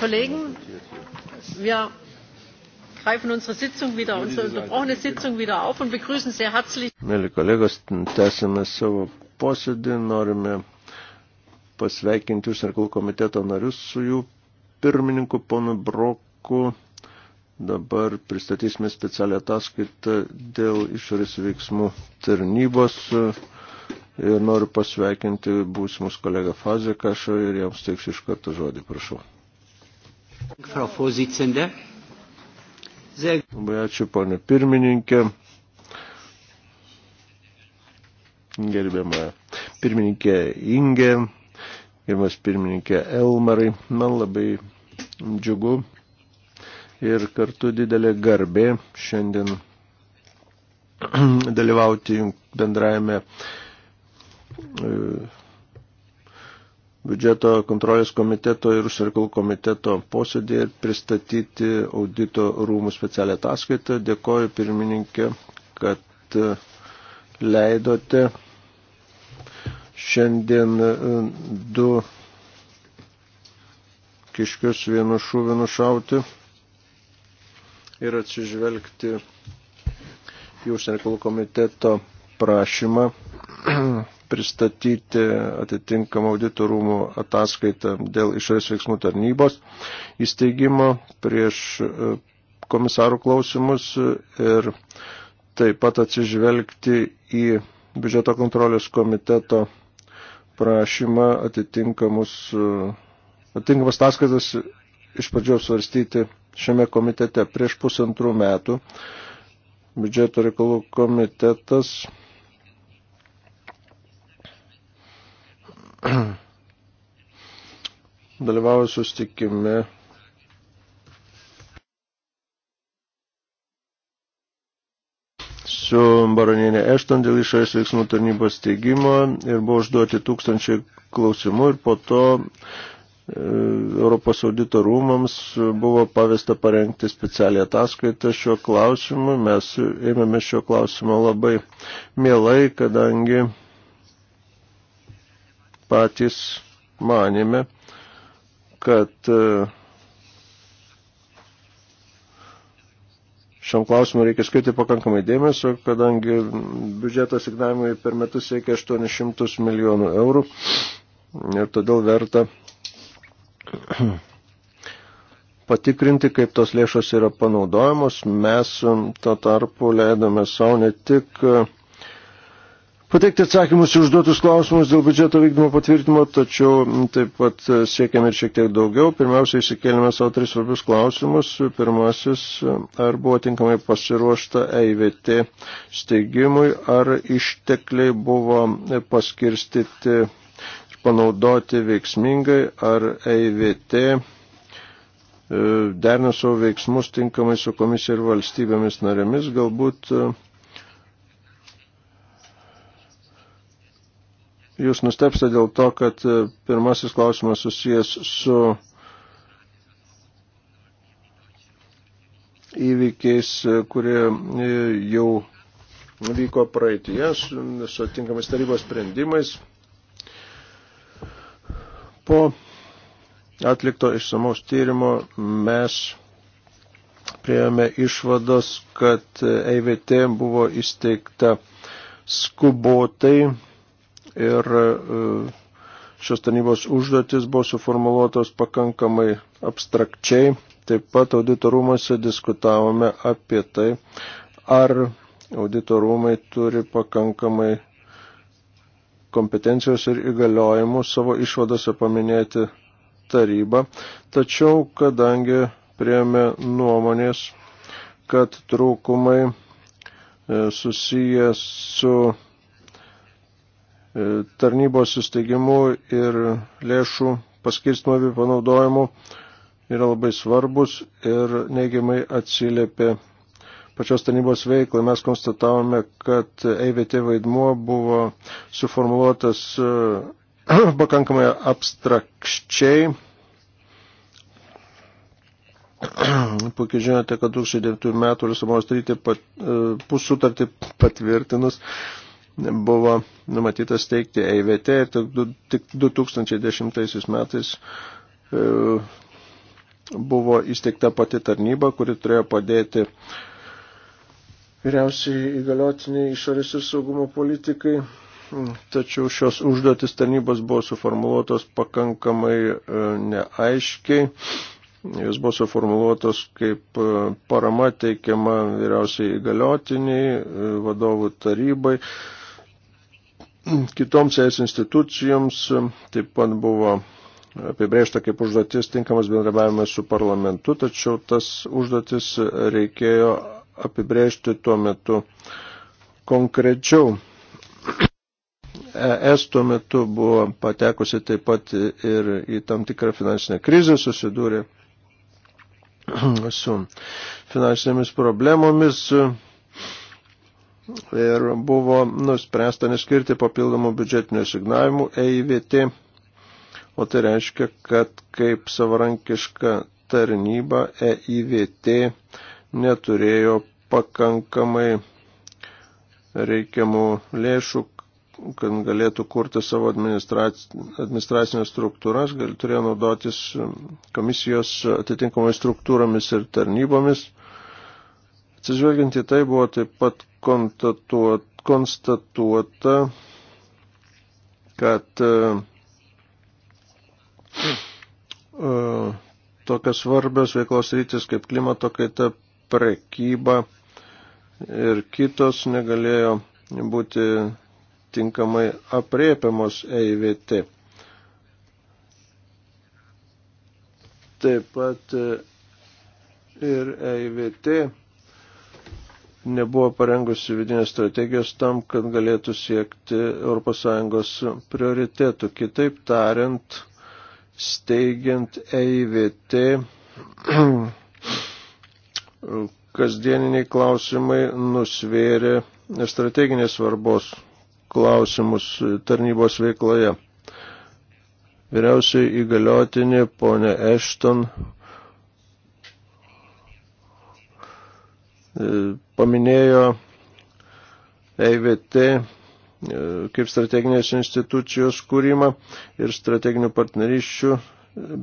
Kollegen, wir greifen unsere Sitzung wieder, unsere unterbrochene Sitzung wieder auf und begrüßen sehr herzlich. Mėly kolegos, tęsime savo posėdį, norime pasveikinti užsienio reikalų komiteto narius su jų pirmininku ponu Broku. Dabar pristatysime specialią ataskaitą dėl išorės veiksmų tarnybos ir noriu pasveikinti būsimus kolegą Fazekašą ir jiems teiksiu iš karto žodį, prašau. Labai ačiū, ponė pirmininkė. Gerbiama pirmininkė Inge, gerbiamas pirmininkė Elmarai. Man labai džiugu ir kartu didelė garbė šiandien dalyvauti bendrajame e, biudžeto kontrolės komiteto ir užsienio komiteto posėdį ir pristatyti audito rūmų specialią ataskaitą. Dėkoju pirmininkė, kad e, leidote šiandien e, du kiškius vienu šūviu nušauti ir atsižvelgti į užsienio komiteto prašymą pristatyti atitinkamą auditorumų ataskaitą dėl išorės veiksmų tarnybos įsteigimo prieš e, komisarų klausimus ir taip pat atsižvelgti į biudžeto kontrolės komiteto prašymą atitinkamus, e, atitinkamas taskaitas iš pradžio svarstyti šiame komitete prieš pusantrų metų. Biudžeto reikalų komitetas dalyvavo sustikime su baronienė Ešton dėl išorės veiksmų tarnybos steigimo ir buvo užduoti tūkstančiai klausimų ir po to e, Europos audito rūmams buvo pavesta parengti specialią ataskaitą šiuo klausimu. Mes ėmėme šio klausimo labai mielai, kadangi patys manėme, kad e, šiam klausimui reikia skirti pakankamai dėmesio, kadangi biudžeto signavimai per metus siekia 800 milijonų eurų ir todėl verta patikrinti, kaip tos lėšos yra panaudojamos. Mes e, to tarpu leidome savo ne tik e, pateikti atsakymus į užduotus klausimus dėl biudžeto vykdymo patvirtimo, tačiau taip pat e, siekiam ir šiek tiek daugiau. Pirmiausia, įsikėlėme savo tris svarbius klausimus. Pirmasis, e, ar buvo tinkamai pasiruošta EIVT steigimui, ar ištekliai buvo paskirstyti panaudoti veiksmingai, ar EIVT e, derina savo veiksmus tinkamai su komisija ir valstybėmis narėmis, galbūt Jūs nustepsite dėl to, kad e, pirmasis klausimas susijęs su įvykiais, e, kurie e, jau vyko praeitie su atinkamais tarybos sprendimais. Po atlikto išsamaus tyrimo mes prieėmė išvados, kad EIVT buvo įsteigta skubotai ir e, šios tarnybos užduotis buvo suformuoluotos pakankamai abstrakčiai. Taip pat auditorumuose diskutavome apie tai, ar auditorumai turi pakankamai kompetencijos ir įgaliojimų savo išvadose paminėti tarybą. Tačiau, kadangi priėmė nuomonės, kad trūkumai e, susijęs su E, tarnybos susteigimu ir lėšų paskirstimo bei panaudojimu yra labai svarbus ir neigiamai atsiliepė pačios tarnybos veiklai. Mes konstatavome, kad EIVT vaidmuo buvo suformuoluotas e, pakankamai abstrakčiai. Puikiai žinote, kad 2009 metų Lisabonos rytį pat, e, pusutartį patvirtinus buvo numatytas teikti EIVT ir tik 2010 metais e, buvo įsteigta pati tarnyba, kuri turėjo padėti vyriausiai įgaliotiniai išorės ir saugumo politikai, tačiau šios užduotis tarnybos buvo suformuoluotos pakankamai e, neaiškiai. Jis buvo suformuoluotos kaip e, parama teikiama vyriausiai įgaliotiniai, vadovų tarybai, kitoms es institucijoms e, taip pat buvo apibrėžta kaip užduotis tinkamas bendravimas su parlamentu, tačiau tas užduotis reikėjo apibrėžti tuo metu konkrečiau. ES tuo metu buvo patekusi taip pat ir į tam tikrą finansinę krizę, susidūrė su finansinėmis problemomis ir buvo nuspręsta neskirti papildomų biudžetinių signavimų EIVT, o tai reiškia, kad kaip savarankiška tarnyba EIVT neturėjo pakankamai reikiamų lėšų, kad galėtų kurti savo administrac... administracinės struktūras, gal turėjo naudotis komisijos atitinkamai struktūromis ir tarnybomis. Atsižvelgiant į tai buvo taip pat konstatuota, kad e, e, tokias svarbios veiklos rytis kaip klimato kaita, prekyba ir kitos negalėjo būti tinkamai apriepiamos EIVT. Taip pat e, ir EIVT nebuvo parengusi vidinės strategijos tam, kad galėtų siekti ES prioritėtų. Kitaip tariant, steigiant EIVT, kasdieniniai klausimai nusvėrė strateginės svarbos klausimus tarnybos veikloje. Vyriausiai įgaliotinė ponė Ešton E, paminėjo EIVT e, kaip strateginės institucijos kūrimą ir strateginių partnerysčių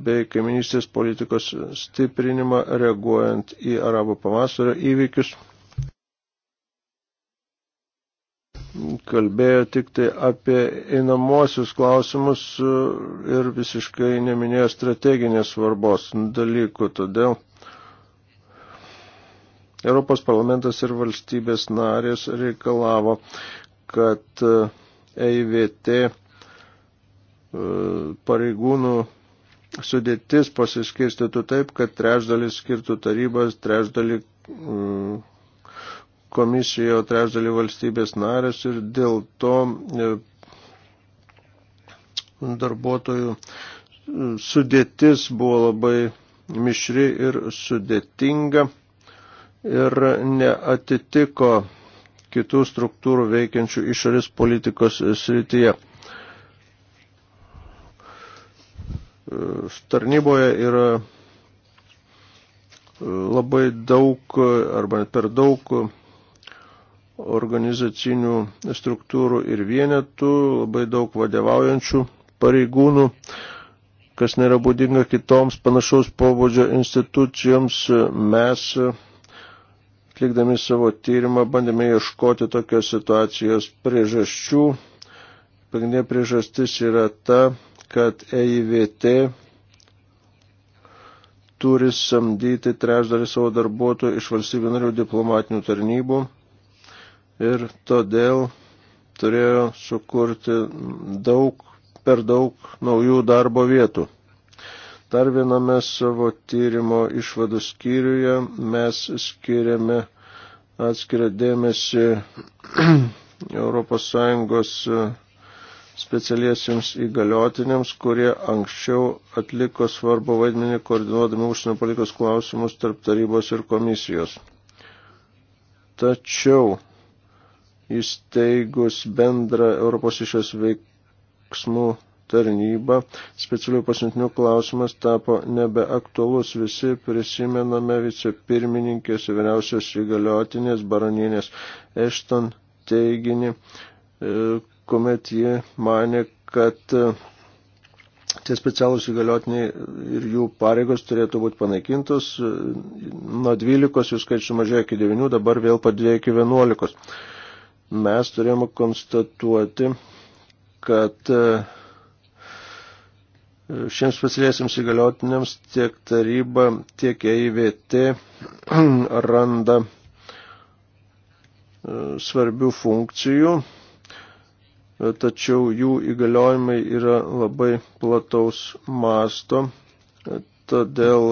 bei kaiminystės politikos stiprinimą reaguojant į arabų pavasario įvykius. Kalbėjo tik tai apie einamosius klausimus ir visiškai neminėjo strateginės svarbos dalykų, todėl Europos parlamentas ir valstybės narės reikalavo, kad EIVT e e, pareigūnų sudėtis pasiskirstytų taip, kad trečdalį skirtų tarybas, trečdalį mm, komisijoje, trečdalį valstybės narės ir dėl to e, darbuotojų sudėtis buvo labai mišri ir sudėtinga ir neatitiko kitų struktūrų veikiančių išorės politikos srityje. Tarnyboje yra labai daug arba per daug organizacinių struktūrų ir vienetų, labai daug vadovaujančių pareigūnų, kas nėra būdinga kitoms panašaus pobūdžio institucijoms, mes Atlikdami savo tyrimą bandėme ieškoti tokios situacijos priežasčių. Pagrindinė priežastis yra ta, kad EIVT turi samdyti trečdalį savo darbuotojų iš valstybių narių diplomatinių tarnybų ir todėl turėjo sukurti daug, per daug naujų darbo vietų. Dar viename savo tyrimo išvadų skyriuje mes skiriame atskirą dėmesį ES e, specialiesiems įgaliotiniams, kurie anksčiau atliko svarbu vaidmenį koordinuodami užsienio politikos klausimus tarp tarybos ir komisijos. Tačiau įsteigus bendrą Europos išės veiksmų tarnyba, specialių pasiuntinių klausimas tapo nebeaktualus. Visi prisimename vicepirmininkės vyriausios įgaliotinės baronienės Ešton teiginį, e, kuomet ji mane, kad e, tie specialūs įgaliotiniai ir jų pareigos turėtų būti panaikintos. E, nuo 12 jų skaičius sumažėjo iki 9, dabar vėl padėjo iki 11. Mes turėjome konstatuoti, kad uh, Šiems specialiesiams įgaliotiniams tiek taryba, tiek EIVT randa e, svarbių funkcijų, e, tačiau jų įgaliojimai yra labai plataus masto, e, todėl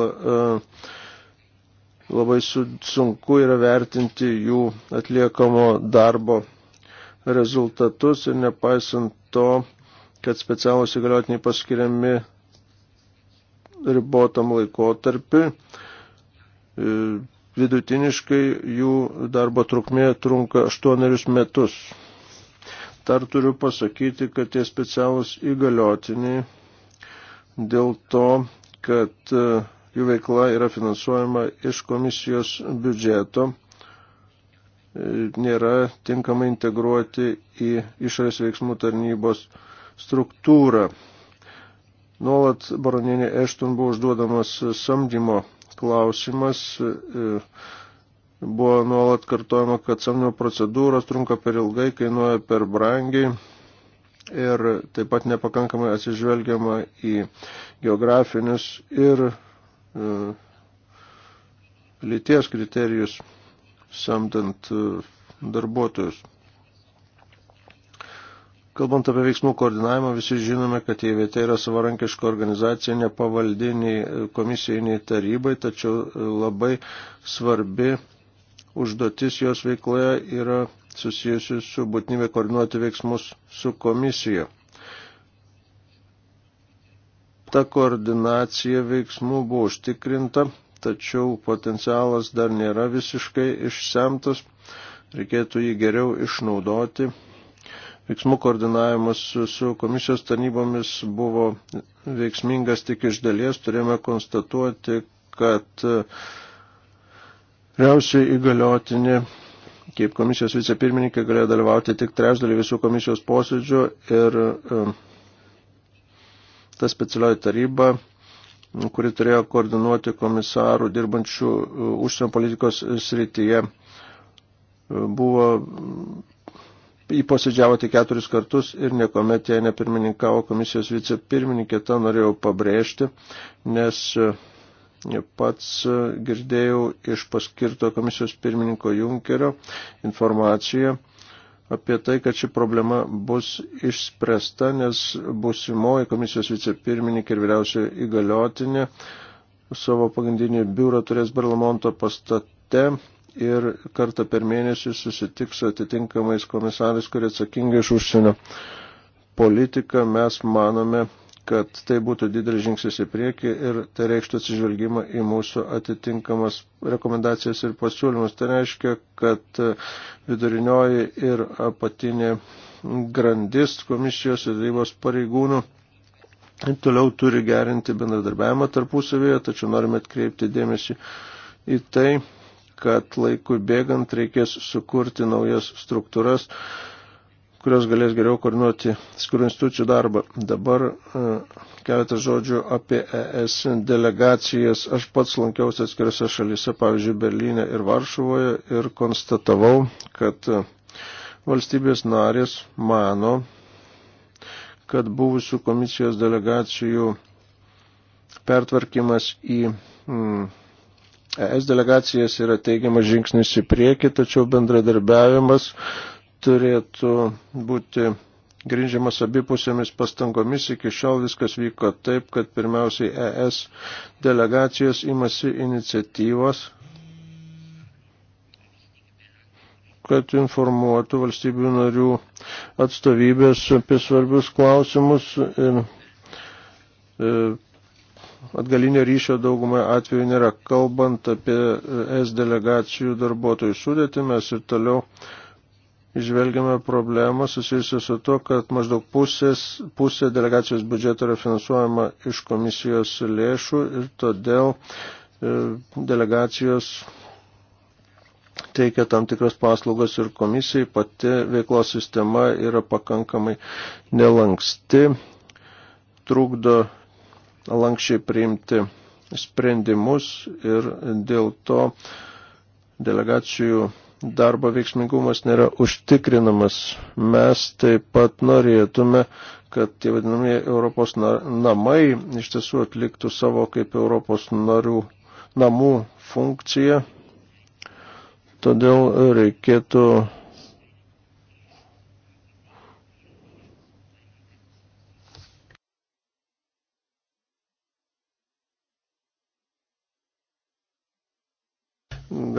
labai sunku yra vertinti jų atliekamo darbo rezultatus ir nepaisant to, kad specialūs įgaliotiniai paskiriami ribotam laikotarpiu. E, vidutiniškai jų darbo trukmė trunka 8 metus. Dar turiu pasakyti, kad tie specialūs įgaliotiniai dėl to, kad e, jų veikla yra finansuojama iš komisijos biudžeto, e, nėra tinkamai integruoti į išorės veiksmų tarnybos struktūrą. Nuolat baronienė Ešton buvo užduodamas samdymo klausimas. E, buvo nuolat kartojama, kad samdymo procedūros trunka per ilgai, kainuoja per brangiai ir taip pat nepakankamai atsižvelgiama į geografinius ir e, lyties kriterijus samdant e, darbuotojus. Kalbant apie veiksmų koordinavimą, visi žinome, kad EVT yra savarankiška organizacija, nepavaldi nei komisijai, nei tarybai, tačiau labai svarbi užduotis jos veikloje yra susijusi su būtinybė koordinuoti veiksmus su komisija. Ta koordinacija veiksmų buvo užtikrinta, tačiau potencialas dar nėra visiškai išsemtas, reikėtų jį geriau išnaudoti veiksmų koordinavimas su komisijos tarnybomis buvo veiksmingas tik iš dalies, turėjome konstatuoti, kad e, Riausiai įgaliotinė, kaip komisijos vicepirmininkė, galėjo dalyvauti tik trečdalį visų komisijos posėdžių ir e, ta specialioji taryba, kuri turėjo koordinuoti komisarų dirbančių e, užsienio politikos srityje, buvo įposėdžiavo tik keturis kartus ir niekuomet jai nepirmininkavo komisijos vicepirmininkė, tą norėjau pabrėžti, nes e, pats e, girdėjau iš paskirto komisijos pirmininko Junkerio informaciją apie tai, kad ši problema bus išspręsta, nes busimoji komisijos vicepirmininkė ir vyriausia įgaliotinė savo pagrindinį biurą turės Berlamonto pastate ir kartą per mėnesį susitiks atitinkamais komisarais, kurie atsakingai iš užsienio politiką. Mes manome, kad tai būtų didelis žingsnis į priekį ir tai reikštų atsižvelgimą į mūsų atitinkamas rekomendacijas ir pasiūlymus. Tai reiškia, kad vidurinioji ir apatinė grandis komisijos ir dėjos pareigūnų toliau turi gerinti bendradarbiavimą tarpusavėje, tačiau norime atkreipti dėmesį į tai, kad laikui bėgant reikės sukurti naujas struktūras, kurios galės geriau koordinuoti skirų institucijų darbą. Dabar e, keletą žodžių apie ES delegacijas. Aš pats lankiausi atskiriuose šalyse, pavyzdžiui, Berlyne ir Varšuvoje ir konstatavau, kad e, valstybės narės mano, kad buvusių komisijos delegacijų pertvarkymas į mm, Es delegacijas yra teigiamas žingsnis į priekį, tačiau bendradarbiavimas turėtų būti grindžiamas abipusėmis pastangomis. Iki šiol viskas vyko taip, kad pirmiausiai ES delegacijos imasi iniciatyvos, kad informuotų valstybių narių atstovybės apie svarbius klausimus ir e, atgalinio ryšio daugumai atveju nėra. Kalbant apie S delegacijų darbuotojų sudėtį, mes ir toliau išvelgiame problemą susijusiu su to, kad maždaug pusės, pusė delegacijos biudžeto yra finansuojama iš komisijos lėšų ir todėl e, delegacijos teikia tam tikras paslaugas ir komisijai, pati veiklos sistema yra pakankamai nelanksti, trukdo lankščiai priimti sprendimus ir dėl to delegacijų darbo veiksmingumas nėra užtikrinamas. Mes taip pat norėtume, kad tie vadinamieji Europos namai iš tiesų atliktų savo kaip Europos narių namų funkciją. Todėl reikėtų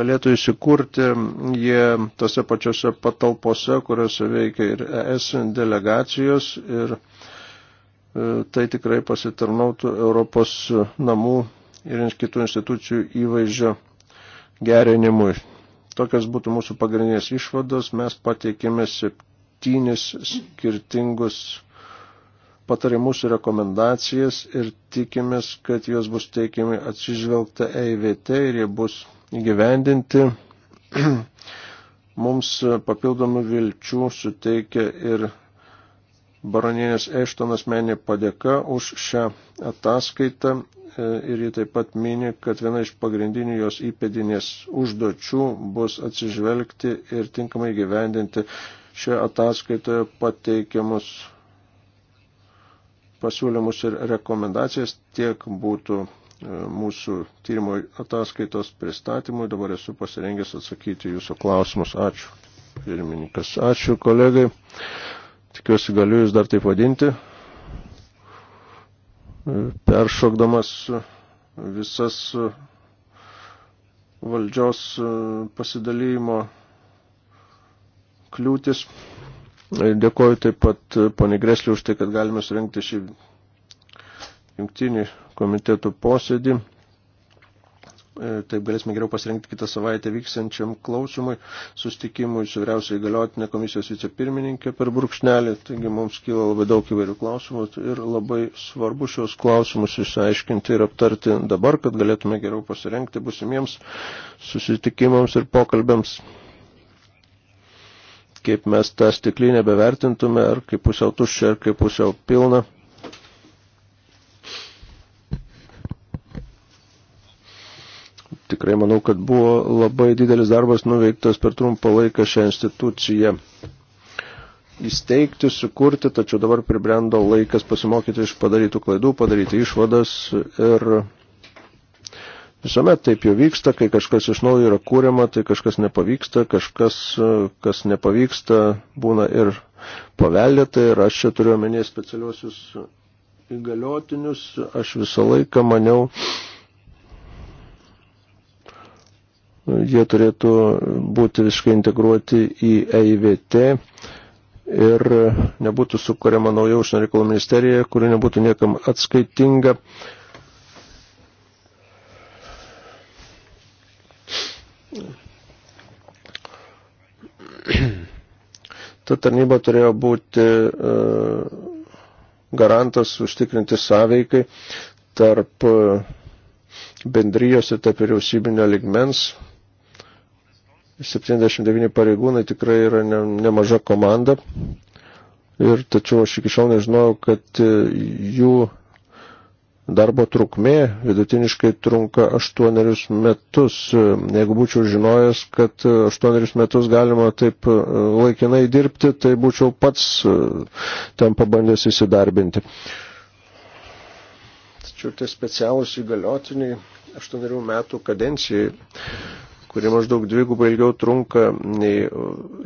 galėtų įsikurti jie tose pačiose patalpose, kuriuose veikia ir ES delegacijos ir e, tai tikrai pasitarnautų Europos namų ir kitų institucijų įvaizdžio gerinimui. Tokios būtų mūsų pagrindinės išvados. Mes pateikėme septynis skirtingus patarimus ir rekomendacijas ir tikimės, kad jos bus teikiami atsižvelgta EIVT ir jie bus įgyvendinti. Mums papildomų vilčių suteikia ir baronienės Eštonas menė padėka už šią ataskaitą e, ir ji taip pat mini, kad viena iš pagrindinių jos įpėdinės užduočių bus atsižvelgti ir tinkamai gyvendinti šioje ataskaitoje pateikiamus pasiūlymus ir rekomendacijas tiek būtų E, mūsų tyrimo ataskaitos pristatymui. Dabar esu pasirengęs atsakyti jūsų klausimus. Ačiū, pirmininkas. Ačiū, kolegai. Tikiuosi, galiu jūs dar taip vadinti. E, peršokdamas visas valdžios e, pasidalymo kliūtis. Dėkoju taip pat, ponė Greslį, už tai, kad galime surinkti šį jungtinį komitetų posėdį. E, taip galėsime geriau pasirinkti kitą savaitę vyksiančiam klausimui, sustikimui su vyriausiai galiotinė komisijos vicepirmininkė per brūkšnelį. Taigi mums kyla labai daug įvairių klausimų ir labai svarbu šios klausimus išsiaiškinti ir aptarti dabar, kad galėtume geriau pasirinkti busimiems susitikimams ir pokalbėms kaip mes tą stiklinę bevertintume, ar kaip pusiau tuščia, ar kaip pusiau pilna. tikrai manau, kad buvo labai didelis darbas nuveiktas per trumpą laiką šią instituciją įsteigti, sukurti, tačiau dabar pribrendo laikas pasimokyti iš padarytų klaidų, padaryti išvadas ir visuomet taip jau vyksta, kai kažkas iš naujo yra kūriama, tai kažkas nepavyksta, kažkas, kas nepavyksta, būna ir paveldėta ir aš čia turiu omenyje specialiuosius įgaliotinius, aš visą laiką maniau, jie turėtų būti visiškai integruoti į EIVT ir nebūtų sukuriama nauja užsienio reikalų ministerija, kuri nebūtų niekam atskaitinga. Ta tarnyba turėjo būti e, garantas užtikrinti sąveikai tarp e, bendrijos ir tarp vyriausybinio ligmens 79 pareigūnai tikrai yra ne, nemaža komanda. Ir tačiau aš iki šiol nežinojau, kad e, jų darbo trukmė vidutiniškai trunka 8 metus. E, jeigu būčiau žinojęs, kad 8 e, metus galima taip laikinai dirbti, tai būčiau pats ten pabandęs įsidarbinti. Tačiau tie specialūs įgaliotiniai 8 metų kadencijai kurie maždaug dvigubai ilgiau trunka nei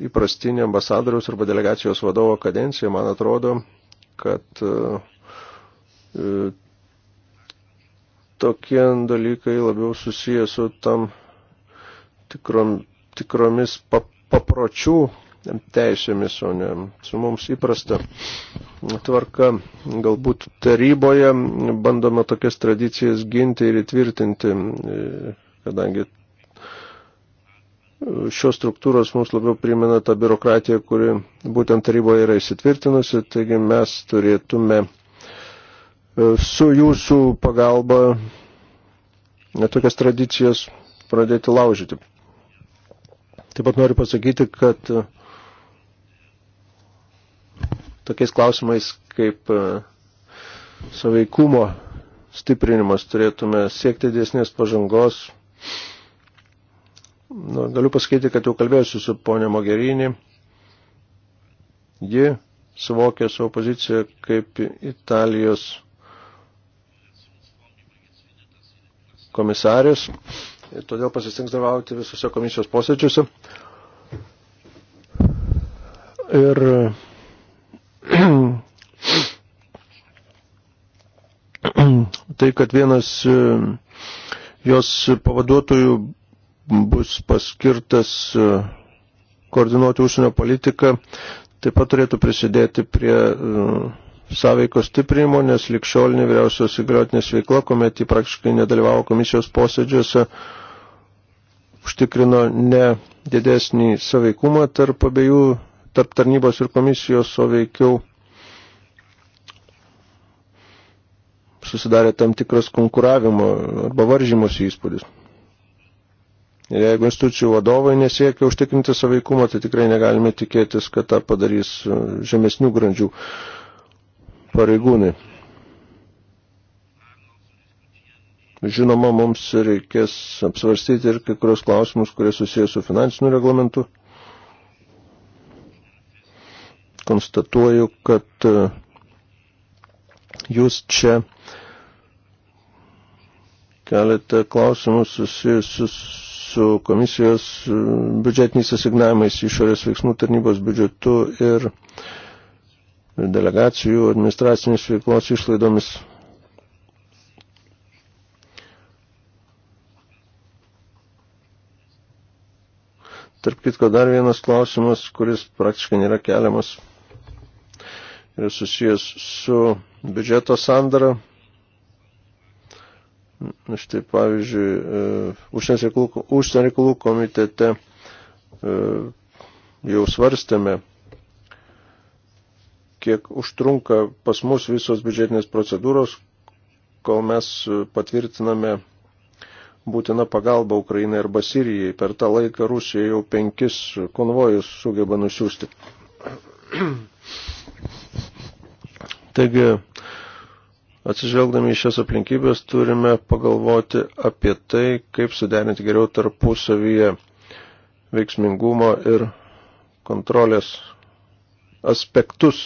įprastinė ambasadoriaus arba delegacijos vadovo kadencija, man atrodo, kad e, tokie dalykai labiau susiję su tam tikrom, tikromis pap, papročių teisėmis, o ne su mums įprasta tvarka. Galbūt taryboje bandoma tokias tradicijas ginti ir įtvirtinti, e, kadangi šios struktūros mums labiau primena tą biurokratiją, kuri būtent taryboje yra įsitvirtinusi, taigi mes turėtume e, su jūsų pagalba tokias tradicijas pradėti laužyti. Taip pat noriu pasakyti, kad e, tokiais klausimais kaip e, saveikumo stiprinimas turėtume siekti dėsnės pažangos Nu, galiu pasakyti, kad jau kalbėjusiu su ponė Mogerinį. Ji suvokė savo poziciją kaip Italijos komisarius ir todėl pasistengs dalyvauti visose komisijos posėdžiuose. Ir tai, kad vienas jos pavaduotojų bus paskirtas e, koordinuoti užsienio politiką, taip pat turėtų prisidėti prie e, sąveikos stiprinimo, nes likščiolinė vyriausios įgaliotinės veikla, kuomet jį praktiškai nedalyvavo komisijos posėdžiuose, užtikrino ne didesnį saveikumą tarp abiejų, tarp tarnybos ir komisijos, o veikiau susidarė tam tikras konkuravimo arba varžymosi įspūdis. Jeigu institucijų vadovai nesiekia užtikrinti saveikumą, tai tikrai negalime tikėtis, kad tą padarys e, žemesnių grandžių pareigūnai. Žinoma, mums reikės apsvarstyti ir kai kurios klausimus, kurie susijęs su finansiniu reglamentu. Konstatuoju, kad e, jūs čia keliate klausimus susijusius su komisijos e, biudžetiniais asignavimais išorės veiksmų tarnybos biudžetu ir delegacijų administracinės veiklos išlaidomis. Tarp kitko dar vienas klausimas, kuris praktiškai nėra keliamas, yra susijęs su biudžeto sandara Štai nu pavyzdžiui, e, užsienio reikalų, užsienio reikalų komitete e, jau svarstėme, kiek užtrunka pas mus visos biudžetinės procedūros, kol mes patvirtiname būtina pagalba Ukrainai arba Sirijai. Per tą laiką Rusija jau penkis konvojus sugeba nusiųsti. Taigi, Atsižvelgdami į šias aplinkybės turime pagalvoti apie tai, kaip suderinti geriau tarpusavyje veiksmingumo ir kontrolės aspektus,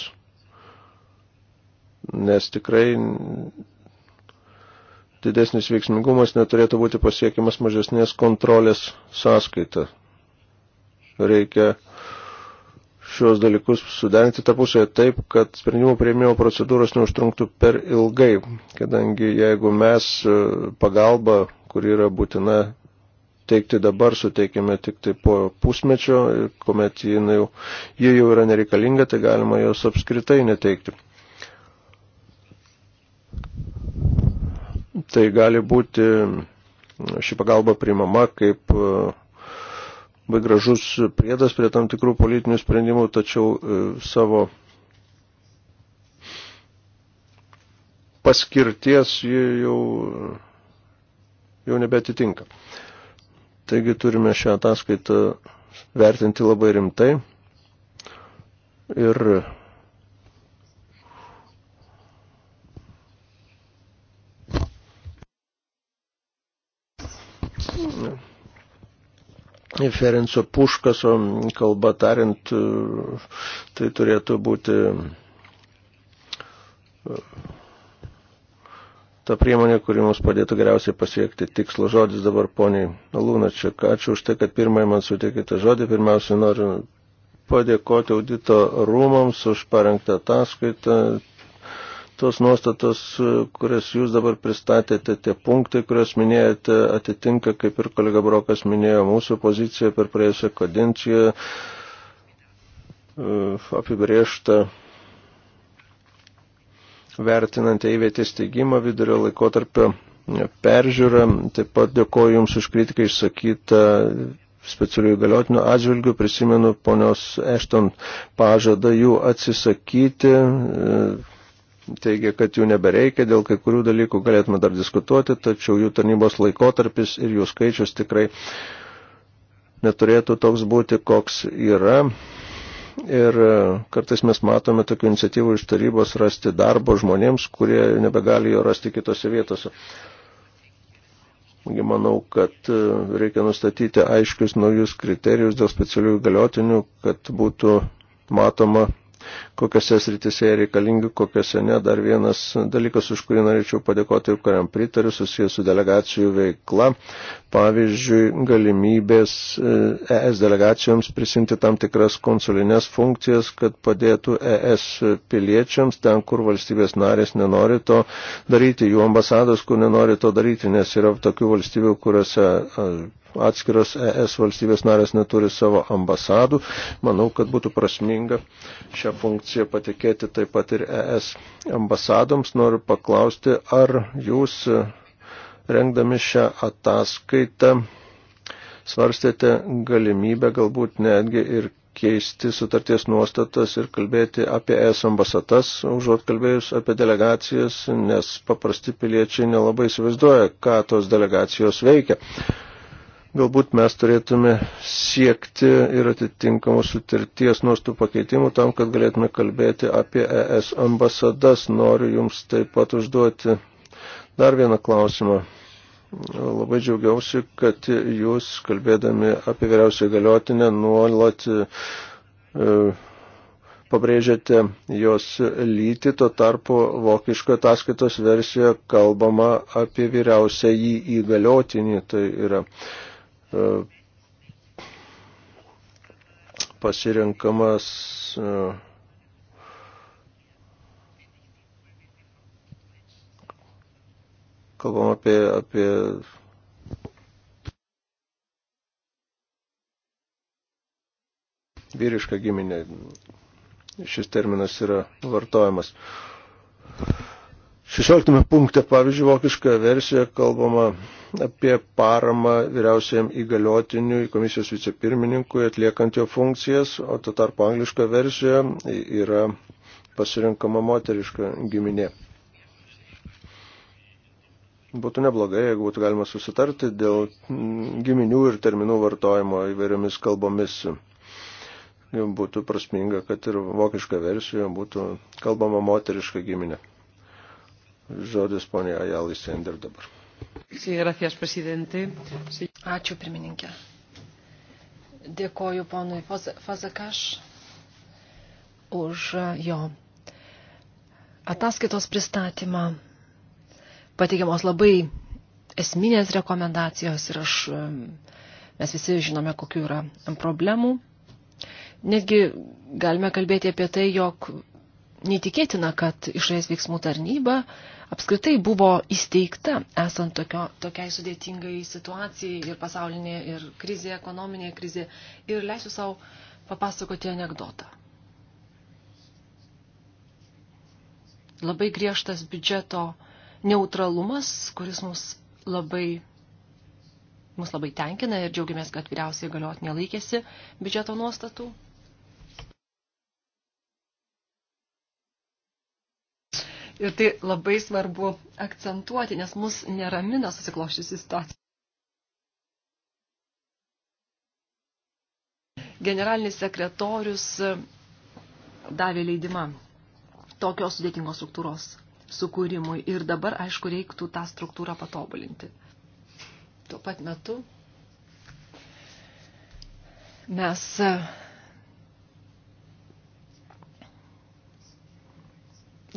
nes tikrai didesnis veiksmingumas neturėtų būti pasiekiamas mažesnės kontrolės sąskaita. Reikia uh, šios dalykus sudengti tarpusėje taip, kad sprendimų prieimimo procedūros neužtrunktų per ilgai, kadangi jeigu mes e, pagalbą, kuri yra būtina teikti dabar, suteikime tik tai po pusmečio, kuomet ji jau, ji jau yra nereikalinga, tai galima jos apskritai neteikti. Tai gali būti e, ši pagalba priimama kaip e, labai gražus priedas prie tam tikrų politinių sprendimų, tačiau e, savo paskirties ji jau, e, jau nebetitinka. Taigi turime šią ataskaitą vertinti labai rimtai ir Ferenco Puškaso kalba tariant, tai turėtų būti ta priemonė, kuri mums padėtų geriausiai pasiekti tikslo žodis dabar poniai Lūnačiak. Ačiū už tai, kad pirmąjį man suteikite žodį. Pirmiausia, noriu padėkoti audito rūmams už parengtą ataskaitą tos nuostatos, e, kurias jūs dabar pristatėte, tie punktai, kurias minėjote, atitinka, kaip ir kolega Brokas minėjo, mūsų poziciją per praėjusią kadenciją e, apibriežta vertinant įvietį steigimą vidurio laikotarpio peržiūrą. Taip pat dėkoju Jums už kritiką išsakytą specialiųjų galiotinių atžvilgių. Prisimenu ponios Ešton pažadą jų atsisakyti. E, teigia, kad jų nebereikia, dėl kai kurių dalykų galėtume dar diskutuoti, tačiau jų tarnybos laikotarpis ir jų skaičius tikrai neturėtų toks būti, koks yra. Ir e, kartais mes matome tokių iniciatyvų iš tarybos rasti darbo žmonėms, kurie nebegali jo rasti kitose vietose. Manau, kad e, reikia nustatyti aiškius naujus kriterijus dėl specialiųjų galiotinių, kad būtų matoma kokiose sritise reikalingi, kokiose ne. Dar vienas dalykas, už kurį norėčiau padėkoti ir kuriam pritariu, susijęs su delegacijų veikla. Pavyzdžiui, galimybės ES e delegacijoms prisimti tam tikras konsulinės funkcijas, kad padėtų ES piliečiams ten, kur valstybės narės nenori to daryti, jų ambasados, kur nenori to daryti, nes yra tokių valstybių, kuriuose e, atskiros ES valstybės narės neturi savo ambasadų. Manau, kad būtų prasminga šią funkciją patikėti taip pat ir ES ambasadoms. Noriu paklausti, ar jūs rengdami šią ataskaitą svarstėte galimybę galbūt netgi ir keisti sutarties nuostatas ir kalbėti apie ES ambasatas, užuot kalbėjus apie delegacijas, nes paprasti piliečiai nelabai įsivaizduoja, ką tos delegacijos veikia. Galbūt mes turėtume siekti ir atitinkamų sutarties nuostų pakeitimų tam, kad galėtume kalbėti apie ES ambasadas. Noriu Jums taip pat užduoti dar vieną klausimą. Labai džiaugiausi, kad Jūs, kalbėdami apie vyriausią galiotinę, nuolat e, pabrėžiate jos lytį, tuo tarpu vokiško ataskaitos versijoje kalbama apie vyriausią jį įgaliotinį. Tai yra E, pasirinkamas e, kalbam apie, apie vyrišką giminę. Šis terminas yra vartojamas. 16 punkte, pavyzdžiui, vokiškoje versijoje kalbama apie paramą vyriausiam įgaliotiniui komisijos vicepirmininkui atliekant jo funkcijas, o to tarpo angliškoje versijoje yra pasirinkama moteriška giminė. Būtų neblogai, jeigu būtų galima susitarti dėl giminių ir terminų vartojimo įvairiomis kalbomis. Būtų prasminga, kad ir vokiška versija būtų kalbama moteriška giminė. Žodis ponė Ajalai Sender dabar. Ačiū, pirmininkė. Dėkoju ponui Fazakaš už jo ataskaitos pristatymą. Pateikiamos labai esminės rekomendacijos ir aš, mes visi žinome, kokiu yra problemų. Netgi galime kalbėti apie tai, jog neįtikėtina, kad išorės veiksmų tarnyba apskritai buvo įsteigta, esant tokio, tokiai sudėtingai situacijai ir pasaulinė, ir krizė, ekonominė krizė. Ir leisiu savo papasakoti anegdotą. Labai griežtas biudžeto neutralumas, kuris mus labai, mus labai tenkina ir džiaugiamės, kad vyriausiai galiotinė laikėsi biudžeto nuostatų. Ir tai labai svarbu akcentuoti, nes mus neramina susikloščiusi situacija. Generalinis sekretorius davė leidimą tokios sudėtingos struktūros sukūrimui ir dabar, aišku, reiktų tą struktūrą patobulinti. Tuo pat metu mes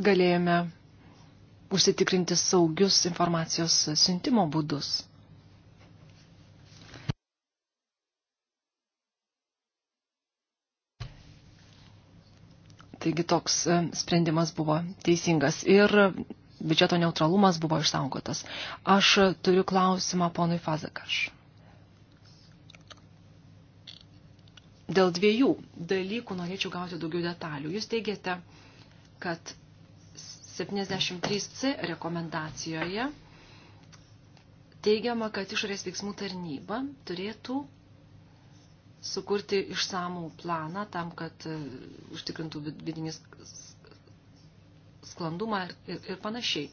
galėjome užsitikrinti saugius informacijos siuntimo būdus. Taigi toks e, sprendimas buvo teisingas ir biudžeto neutralumas buvo išsaugotas. Aš turiu klausimą ponui Fazakaš. Dėl dviejų dalykų norėčiau gauti daugiau detalių. Jūs teigiate, kad 73C rekomendacijoje teigiama, kad išorės veiksmų tarnyba turėtų sukurti išsamų planą tam, kad e, užtikrintų vidinį sklandumą ir, ir panašiai.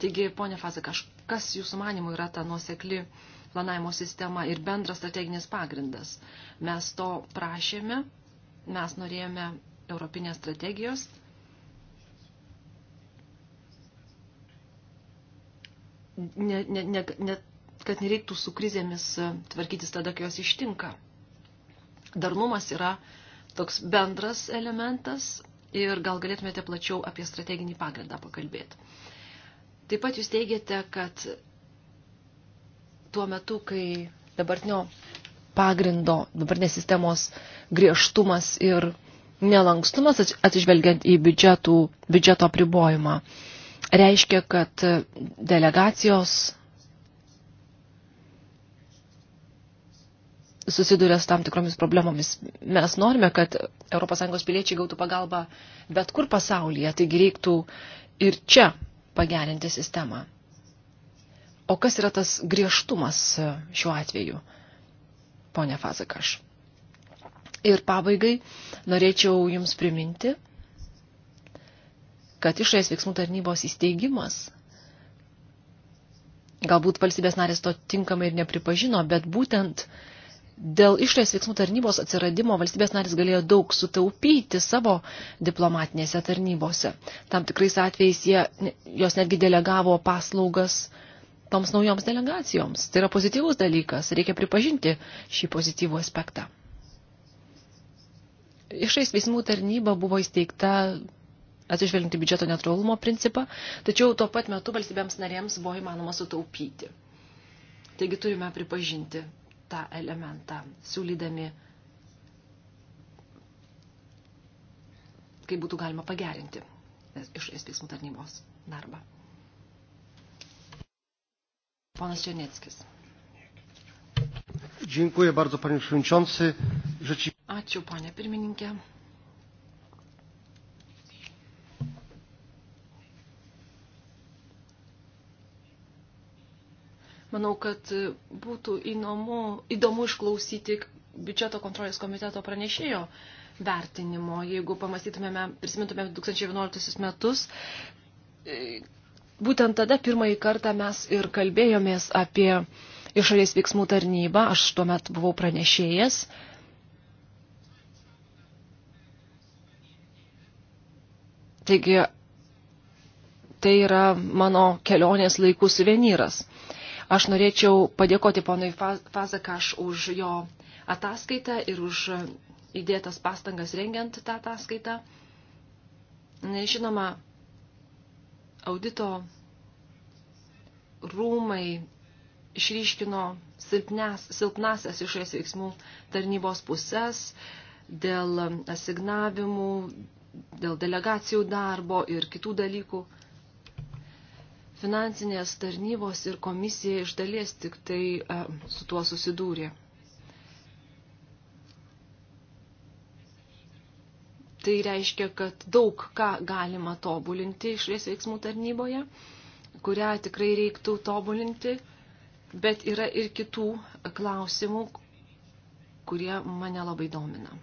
Taigi, ponė Fazak, kas jūsų manimų yra ta nuosekli planavimo sistema ir bendras strateginis pagrindas? Mes to prašėme, mes norėjome Europinės strategijos ne, ne, ne, ne, kad nereiktų su krizėmis e, tvarkytis tada, kai jos ištinka. Darnumas yra toks bendras elementas ir gal galėtumėte plačiau apie strateginį pagrindą pakalbėti. Taip pat jūs teigiate, kad tuo metu, kai dabartinio pagrindo, dabartinės sistemos griežtumas ir nelankstumas atsižvelgiant į biudžetų, biudžeto apribojimą, reiškia, kad delegacijos susiduria su tam tikromis problemomis. Mes norime, kad ES piliečiai gautų pagalbą bet kur pasaulyje, taigi reiktų ir čia pagerinti sistemą. O kas yra tas griežtumas šiuo atveju, ponė Fazakaš? Ir pabaigai norėčiau Jums priminti, kad išorės veiksmų tarnybos įsteigimas galbūt valstybės narės to tinkamai ir nepripažino, bet būtent dėl išorės veiksmų tarnybos atsiradimo valstybės narės galėjo daug sutaupyti savo diplomatinėse tarnybose. Tam tikrais atvejais jie, jos netgi delegavo paslaugas toms naujoms delegacijoms. Tai yra pozityvus dalykas, reikia pripažinti šį pozityvų aspektą. Išorės veiksmų tarnyba buvo įsteigta atsižvelginti biudžeto neutralumo principą, tačiau tuo pat metu valstybėms narėms buvo įmanoma sutaupyti. Taigi turime pripažinti tą elementą, siūlydami, kaip būtų galima pagerinti iš teismų tarnybos darbą. Ponas Černieckis. Dziękuję bardzo, panie przewodniczący. Rzeczywiście. Ačiū, ponė pirmininkė. Manau, kad būtų įdomu, įdomu išklausyti biudžeto kontrolės komiteto pranešėjo vertinimo. Jeigu pamastytumėme, prisimintumėme 2011 metus, e, būtent tada pirmąjį kartą mes ir kalbėjomės apie išorės veiksmų tarnybą. Aš tuomet buvau pranešėjas. Taigi, tai yra mano kelionės laikų suvenyras. Aš norėčiau padėkoti ponui Fazakaš už jo ataskaitą ir už įdėtas pastangas rengiant tą ataskaitą. Žinoma, audito rūmai išryškino silpnes, silpnasias išorės veiksmų tarnybos pusės dėl asignavimų, dėl delegacijų darbo ir kitų dalykų finansinės tarnybos ir komisija iš dalies tik tai e, su tuo susidūrė. Tai reiškia, kad daug ką galima tobulinti išrės veiksmų tarnyboje, kurią tikrai reiktų tobulinti, bet yra ir kitų klausimų, kurie mane labai domina.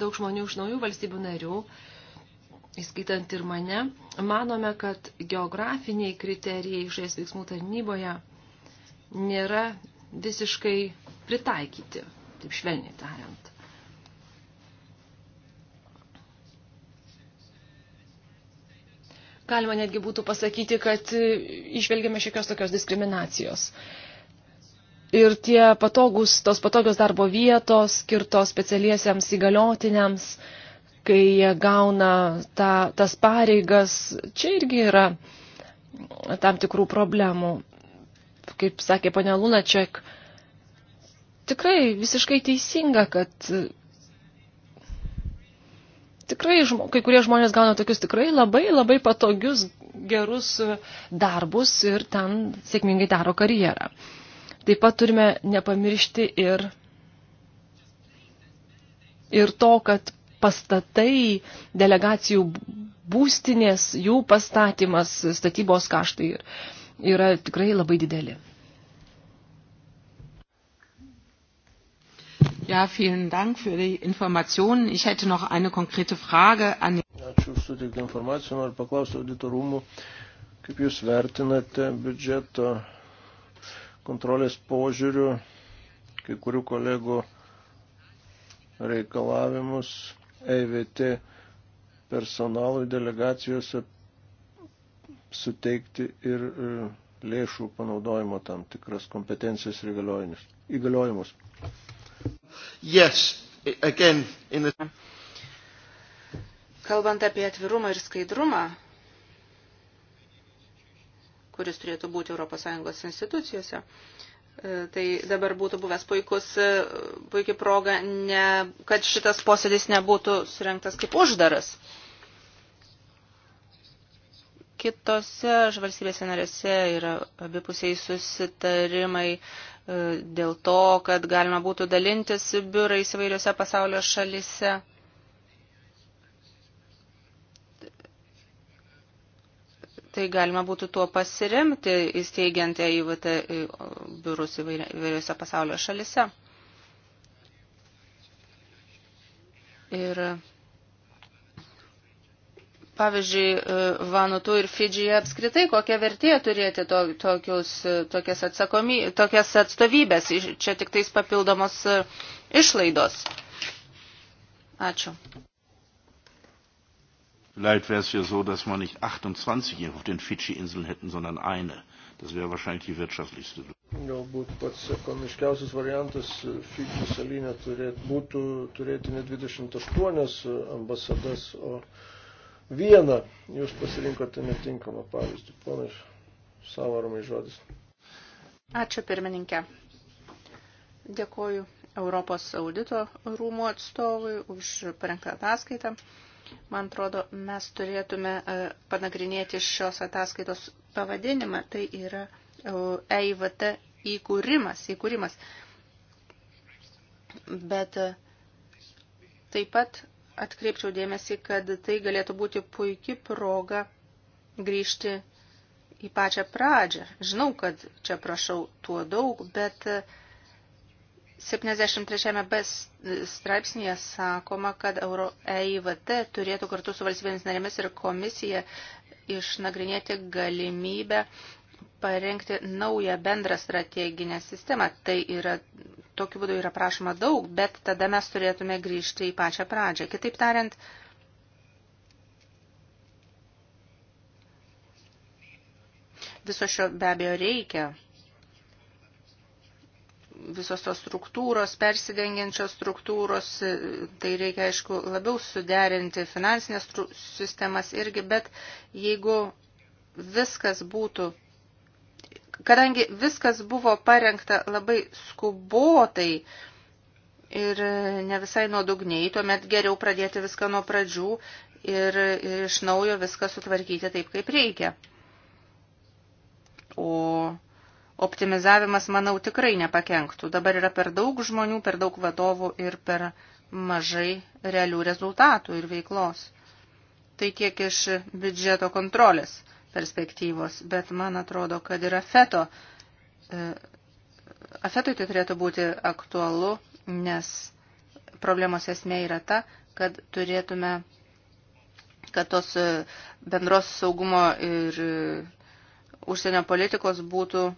Daug žmonių iš naujų valstybių narių įskaitant ir mane, manome, kad geografiniai kriterijai išorės veiksmų tarnyboje nėra visiškai pritaikyti, taip švelniai tariant. Galima netgi būtų pasakyti, kad išvelgiame šiokios tokios diskriminacijos. Ir tie patogus, tos patogios darbo vietos skirtos specialiesiems įgaliotiniams, uh, kai jie gauna ta, tas pareigas, čia irgi yra tam tikrų problemų. Kaip sakė ponia Lunačiak, tikrai visiškai teisinga, kad tikrai kai kurie žmonės gauna tokius tikrai labai labai patogius, gerus darbus ir ten sėkmingai daro karjerą. Taip pat turime nepamiršti ir, ir to, kad pastatai, delegacijų būstinės, jų pastatymas, statybos kaštai yra tikrai labai dideli. Ja, vielen Dank für die Informationen. Ich hätte noch eine konkrete Frage an Ačiū už suteiktą informaciją. Noriu paklausti auditorumų, kaip Jūs vertinate biudžeto kontrolės požiūrių kai kurių kolegų reikalavimus EVT personalui delegacijose suteikti ir e, lėšų panaudojimo tam tikras kompetencijas ir įgaliojimus. Yes, again, in the... Kalbant apie atvirumą ir skaidrumą, kuris turėtų būti ES institucijose, uh, E, tai dabar būtų buvęs puikus, e, puikia proga, ne, kad šitas posėdis nebūtų surinktas kaip uždaras. Kitose valstybėse narėse yra abipusiai susitarimai e, dėl to, kad galima būtų dalintis biurais įvairiose pasaulio šalise. Tai galima būtų tuo pasiremti, įsteigiant EIVT biurus įvairiose pasaulio šalise. Ir pavyzdžiui, e, Vanutu ir Fidžyje apskritai kokia vertė turėti to, tokius, e, tokias, atsakomy, tokias atstovybės. Čia tik tais papildomos e, išlaidos. Ačiū. Vielleicht wäre es ja so, dass man nicht 28 auf den Fidschi-Inseln hätten, sondern eine. Das wäre wahrscheinlich die wirtschaftlichste Lösung. Galbūt pats ekonomiškiausias variantas e, Fidži salyne turėt, būtų turėti ne 28 e, ambasadas, o vieną. Jūs pasirinkote netinkamą pavyzdį. Ponas Savaromai žodis. Ačiū pirmininkė. Dėkoju Europos audito rūmų atstovui už parengtą ataskaitą. Man atrodo, mes turėtume e, panagrinėti šios ataskaitos pavadinimą. Tai yra EIVT e įkūrimas. įkūrimas. Bet e, taip pat atkreipčiau dėmesį, kad tai galėtų būti puikia proga grįžti į pačią pradžią. Žinau, kad čia prašau tuo daug, bet uh, 73 b straipsnėje sakoma, kad Euro EIVT turėtų kartu su valstybėmis narėmis ir komisija išnagrinėti galimybę parengti naują bendrą strateginę sistemą. Tai yra, tokiu būdu yra prašoma daug, bet tada mes turėtume grįžti į pačią pradžią. Kitaip tariant, viso šio be abejo reikia visos tos struktūros, persidengiančios struktūros, e, tai reikia, aišku, labiau suderinti finansinės sistemas irgi, bet jeigu viskas būtų, kadangi viskas buvo parengta labai skubotai ir ne visai nuodugniai, tuomet geriau pradėti viską nuo pradžių ir, ir iš naujo viską sutvarkyti taip, kaip reikia. O optimizavimas, manau, tikrai nepakenktų. Dabar yra per daug žmonių, per daug vadovų ir per mažai realių rezultatų ir veiklos. Tai tiek iš biudžeto kontrolės perspektyvos, bet man atrodo, kad ir afeto, e, afetui tai turėtų būti aktualu, nes problemos esmė yra ta, kad turėtume, kad tos e, bendros saugumo ir e, užsienio politikos būtų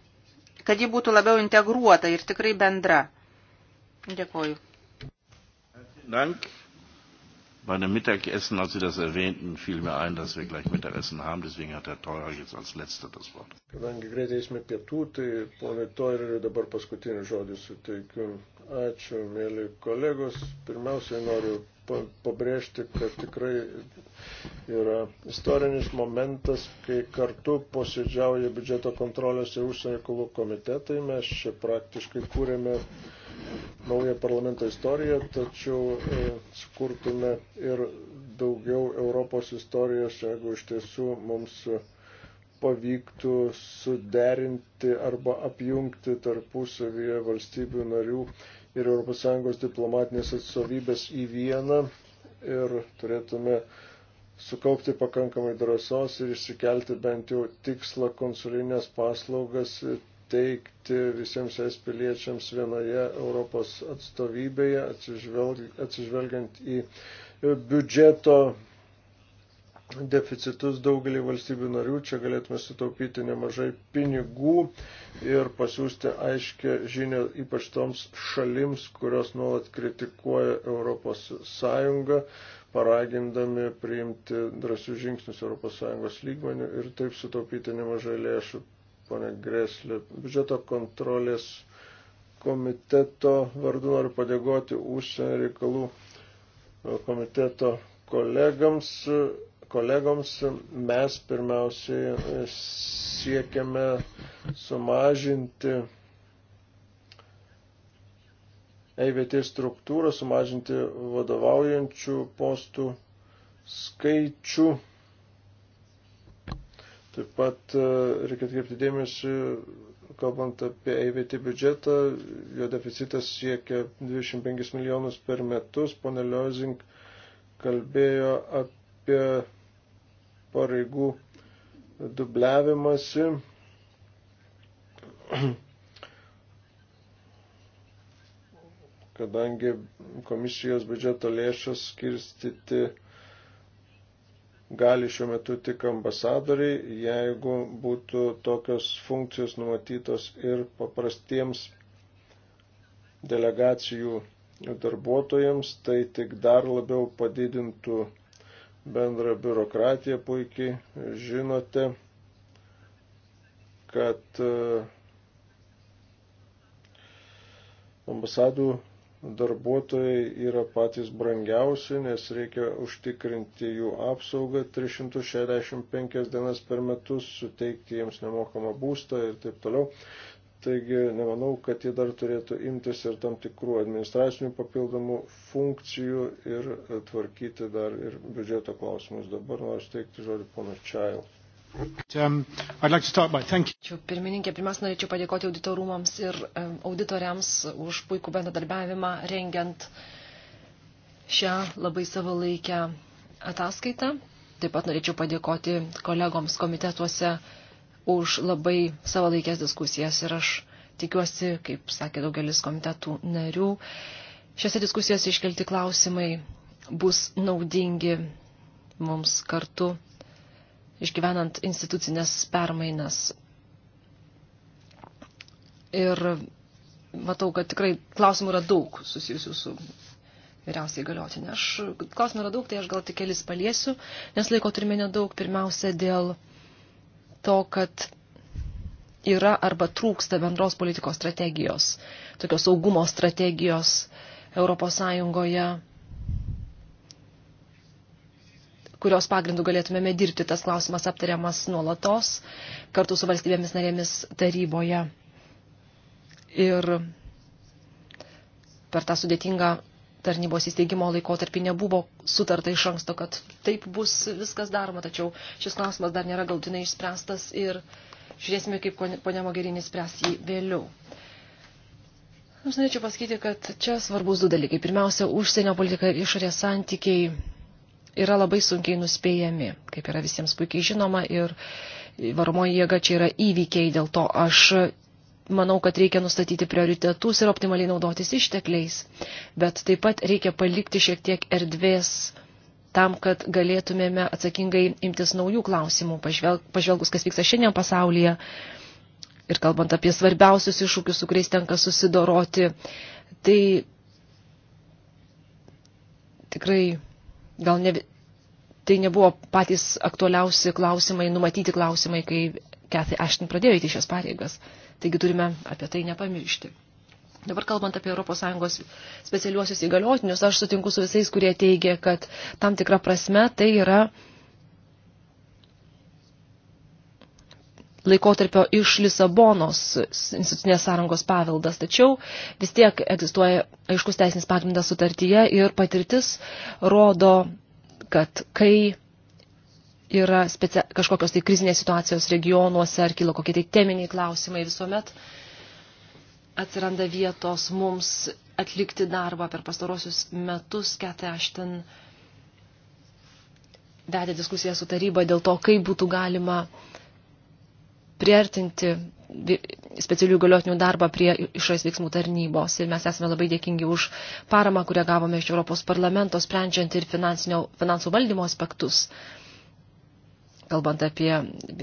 kad ji būtų labiau integruota ir tikrai bendra. Dėkuoju. Dank. Bei dem Mittagessen, als Sie das erwähnten, fiel mir ein, dass wir gleich Mittagessen haben. Deswegen hat Herr Teurer jetzt als Letzter das Wort. Kadangi greitai eisime pietų, tai ponai Teureriui dabar paskutinį žodį suteikiu. Ačiū, mėly kolegos. Pirmiausiai noriu pabrėžti, kad tikrai yra istorinis momentas, kai kartu posėdžiauja biudžeto kontrolės ir užsienio reikalų komitetai. Mes čia praktiškai kūrėme naują parlamento istoriją, tačiau e, sukurtume ir daugiau Europos istorijos, jeigu iš tiesų mums pavyktų suderinti arba apjungti tarpusavyje valstybių narių ir ES diplomatinės atstovybės į vieną ir turėtume sukaupti pakankamai drąsos ir išsikelti bent jau tikslą konsulinės paslaugas teikti visiems es piliečiams vienoje Europos atstovybėje, atsižvelgiant į biudžeto deficitus daugelį valstybių narių, čia galėtume sutaupyti nemažai pinigų ir pasiūsti aiškę žinę ypač toms šalims, kurios nuolat kritikuoja Europos Sąjungą, paragindami priimti drąsius žingsnius Europos Sąjungos lygmenių ir taip sutaupyti nemažai lėšų, ponė Greslė. Biudžeto kontrolės komiteto vardu noriu padėkoti užsienio reikalų komiteto kolegams kolegoms, mes pirmiausiai e, siekiame sumažinti EIVT struktūrą, sumažinti vadovaujančių postų skaičių. Taip pat e, reikia atkreipti dėmesį, kalbant apie EIVT biudžetą, jo deficitas siekia 25 milijonus per metus. Pone Liozing kalbėjo apie pareigų dubliavimasi. kadangi komisijos biudžeto lėšas skirstyti gali šiuo metu tik ambasadoriai, jeigu būtų tokios funkcijos numatytos ir paprastiems delegacijų darbuotojams, tai tik dar labiau padidintų bendrą biurokratiją puikiai žinote, kad e, ambasadų darbuotojai yra patys brangiausi, nes reikia užtikrinti jų apsaugą 365 dienas per metus, suteikti jiems nemokamą būstą ir taip toliau. Taigi nemanau, kad jie dar turėtų imtis ir tam tikrų administracinių papildomų funkcijų ir tvarkyti dar ir biudžeto klausimus. Dabar noriu steigti žodį pono Čail. Um, like Pirmininkė, pirmiausia, norėčiau padėkoti auditorumams ir e, auditoriams už puikų bendradarbiavimą rengiant šią labai savalaikę ataskaitą. Taip pat norėčiau padėkoti kolegoms komitetuose už labai savalaikės diskusijas ir aš tikiuosi, kaip sakė daugelis komitetų narių, šiose diskusijose iškelti klausimai bus naudingi mums kartu išgyvenant institucinės permainas. Ir matau, kad tikrai klausimų yra daug susijusių su vyriausiai galiotinė. Aš klausimų yra daug, tai aš gal tik kelis paliesiu, nes laiko turime nedaug. Pirmiausia, dėl to, kad yra arba trūksta bendros politikos strategijos, tokios saugumo strategijos Europos Sąjungoje, kurios pagrindų galėtumėme dirbti. Tas klausimas aptariamas nuolatos kartu su valstybėmis narėmis taryboje. Ir per tą sudėtingą tarnybos įsteigimo laikotarpį nebuvo sutarta iš anksto, kad taip bus viskas daroma, tačiau šis klausimas dar nėra galtinai išspręstas ir žiūrėsime, kaip ponia Mogerinė spręs jį vėliau. Aš norėčiau pasakyti, kad čia svarbus du dalykai. Pirmiausia, užsienio politika ir išorės santykiai yra labai sunkiai nuspėjami, kaip yra visiems puikiai žinoma, ir varomoji jėga čia yra įvykiai, dėl to aš manau, kad reikia nustatyti prioritetus ir optimaliai naudotis ištekliais, bet taip pat reikia palikti šiek tiek erdvės tam, kad galėtumėme atsakingai imtis naujų klausimų, pažvelgus, kas vyksta šiandien pasaulyje ir kalbant apie svarbiausius iššūkius, su kuriais tenka susidoroti, tai tikrai gal ne, tai nebuvo patys aktualiausi klausimai, numatyti klausimai, kai Kathy Ashton pradėjo įti šias pareigas. Taigi turime apie tai nepamiršti. Dabar kalbant apie ES specialiuosius įgaliotinius, aš sutinku su visais, kurie teigia, kad tam tikra prasme tai yra laikotarpio iš Lisabonos institucinės sąrangos paveldas, tačiau vis tiek egzistuoja aiškus teisinis pagrindas sutartyje ir patirtis rodo, kad kai yra specia... kažkokios tai krizinės situacijos regionuose ar kilo kokie tai teminiai klausimai, visuomet atsiranda vietos mums atlikti darbą per pastarosius metus. Ketė Ašten vedė diskusiją su taryba dėl to, kaip būtų galima priartinti specialių galiotinių darbą prie išorės veiksmų tarnybos. Ir mes esame labai dėkingi už paramą, kurią gavome iš Europos parlamento, sprendžiant ir finansų valdymo aspektus. Uh, kalbant apie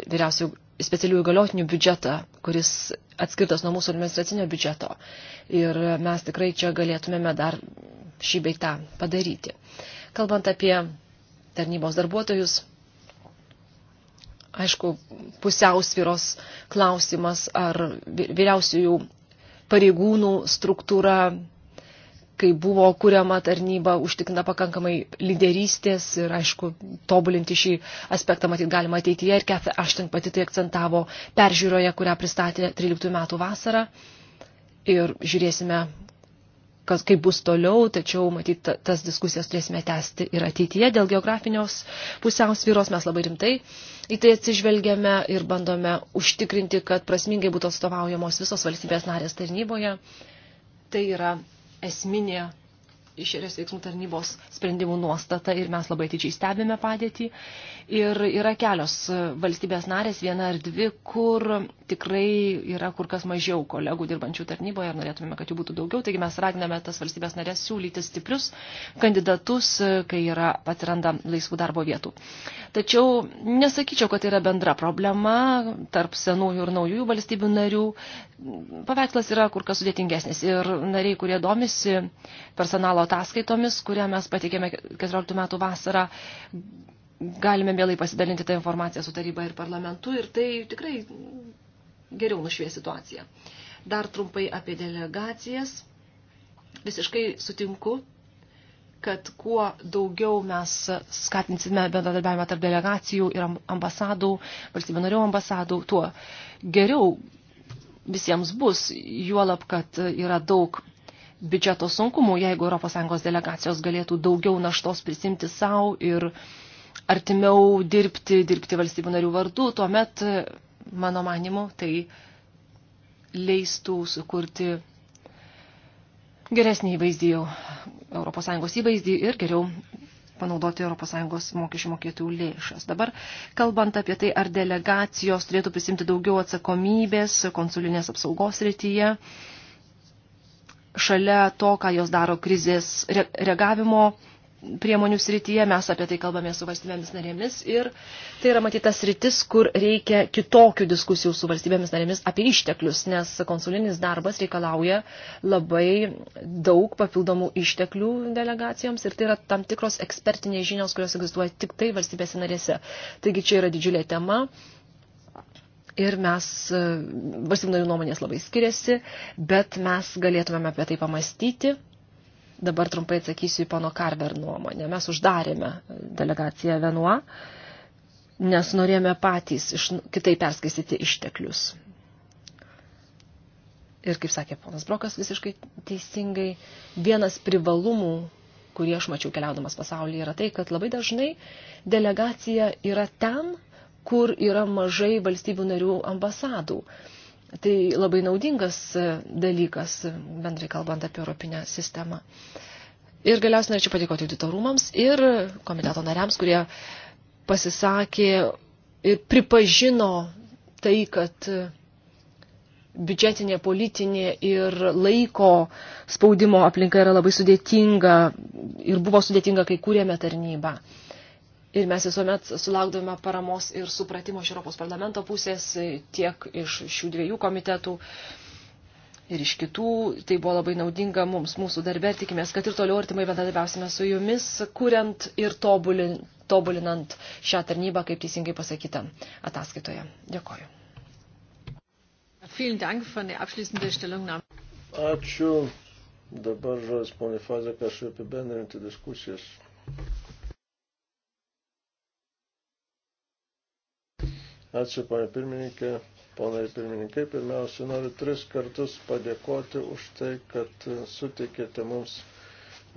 vyriausių specialiųjų galiotinių biudžetą, kuris atskirtas nuo mūsų administracinio biudžeto. Ir mes tikrai čia galėtumėme dar šį beitą padaryti. Kalbant apie tarnybos darbuotojus, aišku, pusiausviros klausimas ar vyriausiųjų pareigūnų struktūra kai buvo kuriama tarnyba, užtikrina pakankamai lyderystės ir, aišku, tobulinti šį aspektą matyt galima ateityje. Ir Kathy Ashton pati tai akcentavo peržiūroje, kurią pristatė 13 metų vasarą. Ir žiūrėsime, kas kaip bus toliau, tačiau matyt, tas diskusijas turėsime tęsti ir ateityje. Dėl geografinios pusiausvyros mes labai rimtai į tai atsižvelgiame ir bandome užtikrinti, kad prasmingai būtų atstovaujamos visos valstybės narės tarnyboje. Tai yra esminė išorės veiksmų tarnybos sprendimų nuostata ir mes labai atidžiai stebime padėtį. Ir yra kelios valstybės narės, viena ar dvi, kur tikrai yra kur kas mažiau kolegų dirbančių tarnyboje ir norėtume, kad jų būtų daugiau. Taigi mes raginame tas valstybės narės siūlyti stiprius kandidatus, kai yra atsiranda laisvų darbo vietų. Tačiau nesakyčiau, kad tai yra bendra problema tarp senųjų ir naujųjų valstybių narių paveikslas yra kur kas sudėtingesnis ir nariai, kurie domisi personalo ataskaitomis, kurią mes pateikėme 14 metų vasarą, galime mielai pasidalinti tą informaciją su taryba ir parlamentu ir tai tikrai geriau nušvie situaciją. Dar trumpai apie delegacijas. Visiškai sutinku, kad kuo daugiau mes skatinsime bendradarbiavimą tarp delegacijų ir ambasadų, valstybių narių ambasadų, tuo geriau visiems bus, juolab, kad yra daug biudžeto sunkumų, jeigu ES delegacijos galėtų daugiau naštos prisimti savo ir artimiau dirbti, dirbti valstybių narių vardu, tuomet, mano manimu, tai leistų sukurti geresnį įvaizdį jau ES įvaizdį ir geriau panaudoti ES mokesčių mokėtojų lėšas. Dabar, kalbant apie tai, ar delegacijos turėtų prisimti daugiau atsakomybės konsulinės apsaugos rytyje, šalia to, ką jos daro krizės reagavimo priemonių srityje, mes apie tai kalbame su valstybėmis narėmis ir tai yra matytas rytis, kur reikia kitokių diskusijų su valstybėmis narėmis apie išteklius, nes konsulinis darbas reikalauja labai daug papildomų išteklių delegacijoms ir tai yra tam tikros ekspertinės žinios, kurios egzistuoja tik tai valstybėse narėse. Taigi čia yra didžiulė tema. Ir mes, e, valstybinarių nuomonės labai skiriasi, bet mes galėtumėme apie tai pamastyti Dabar trumpai atsakysiu į pono Karver nuomonę. Mes uždarėme delegaciją Venua, nes norėjome patys iš, kitai perskaisyti išteklius. Ir kaip sakė ponas Brokas visiškai teisingai, vienas privalumų, kurį aš mačiau keliaudamas pasaulyje, yra tai, kad labai dažnai delegacija yra ten, kur yra mažai valstybių narių ambasadų. Uh, Tai labai naudingas e, dalykas, e, bendrai kalbant apie Europinę sistemą. Ir galiausiai norėčiau padėkoti auditorumams ir komiteto nariams, kurie pasisakė ir pripažino tai, kad e, biudžetinė, politinė ir laiko spaudimo aplinka yra labai sudėtinga ir buvo sudėtinga, kai kūrėme tarnybą. Ir mes visuomet sulaukdavome paramos ir supratimo iš Europos parlamento pusės, tiek iš šių dviejų komitetų ir iš kitų. Tai buvo labai naudinga mums mūsų darbė. Tikimės, kad ir toliau artimai bendradarbiausime su jumis, kuriant ir tobulin, tobulinant šią tarnybą, kaip teisingai pasakyta ataskaitoje. Dėkoju. Ačiū. Dabar žodis ponė Fazė, aš apibendrinti diskusijas. Ačiū, ponė pirmininkė. Ponai pirmininkai, pirmiausia, noriu tris kartus padėkoti už tai, kad suteikėte mums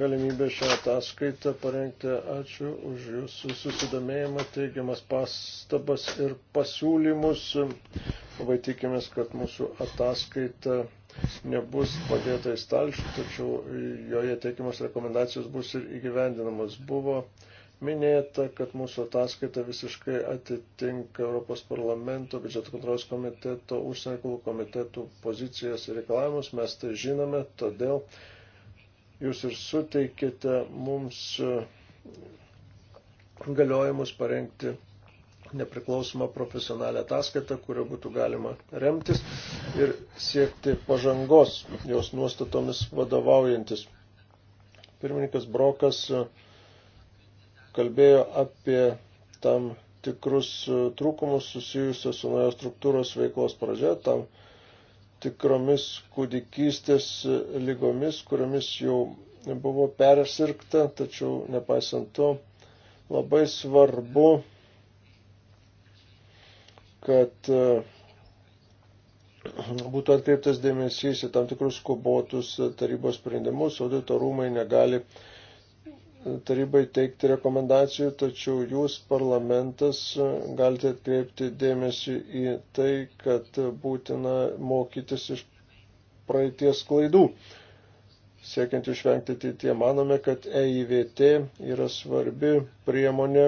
galimybę šią ataskaitą parengti. Ačiū už jūsų susidomėjimą, teigiamas pastabas ir pasiūlymus. Labai tikimės, kad mūsų ataskaita nebus padėta į stalčių, tačiau joje teikiamas rekomendacijos bus ir įgyvendinamos. Buvo minėta, kad mūsų ataskaita visiškai atitinka Europos parlamento, biudžeto kontrolės komiteto, užsienio reikalų komitetų pozicijas ir reikalavimus. Mes tai žinome, todėl jūs ir suteikite mums galiojimus parengti nepriklausomą profesionalią ataskaitą, kurio būtų galima remtis ir siekti pažangos jos nuostatomis vadovaujantis. Pirmininkas Brokas uh, kalbėjo apie tam tikrus e, trūkumus susijusios su naujos struktūros veiklos pradžia, tam tikromis kūdikystės e, lygomis, kuriomis jau buvo persirkta, tačiau nepaisant to labai svarbu, kad e, būtų atkreiptas dėmesys į tam tikrus skubotus tarybos sprendimus, audito rūmai negali uh, tarybai teikti rekomendacijų, tačiau jūs parlamentas galite atkreipti dėmesį į tai, kad būtina mokytis iš praeities klaidų. Siekiant išvengti ateitie, manome, kad EIVT yra svarbi priemonė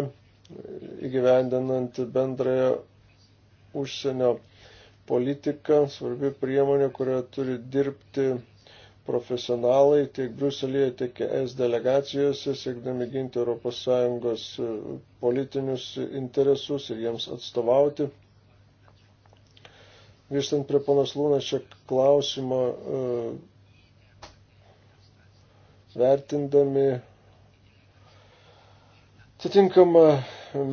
įgyvendinant bendrąją užsienio politiką, svarbi priemonė, kurioje turi dirbti profesionalai tiek Bruselėje, tiek ES delegacijose, siekdami ginti ES e, politinius interesus ir jiems atstovauti. Grįžtant prie ponas Lūnačio klausimo, e, vertindami atitinkamą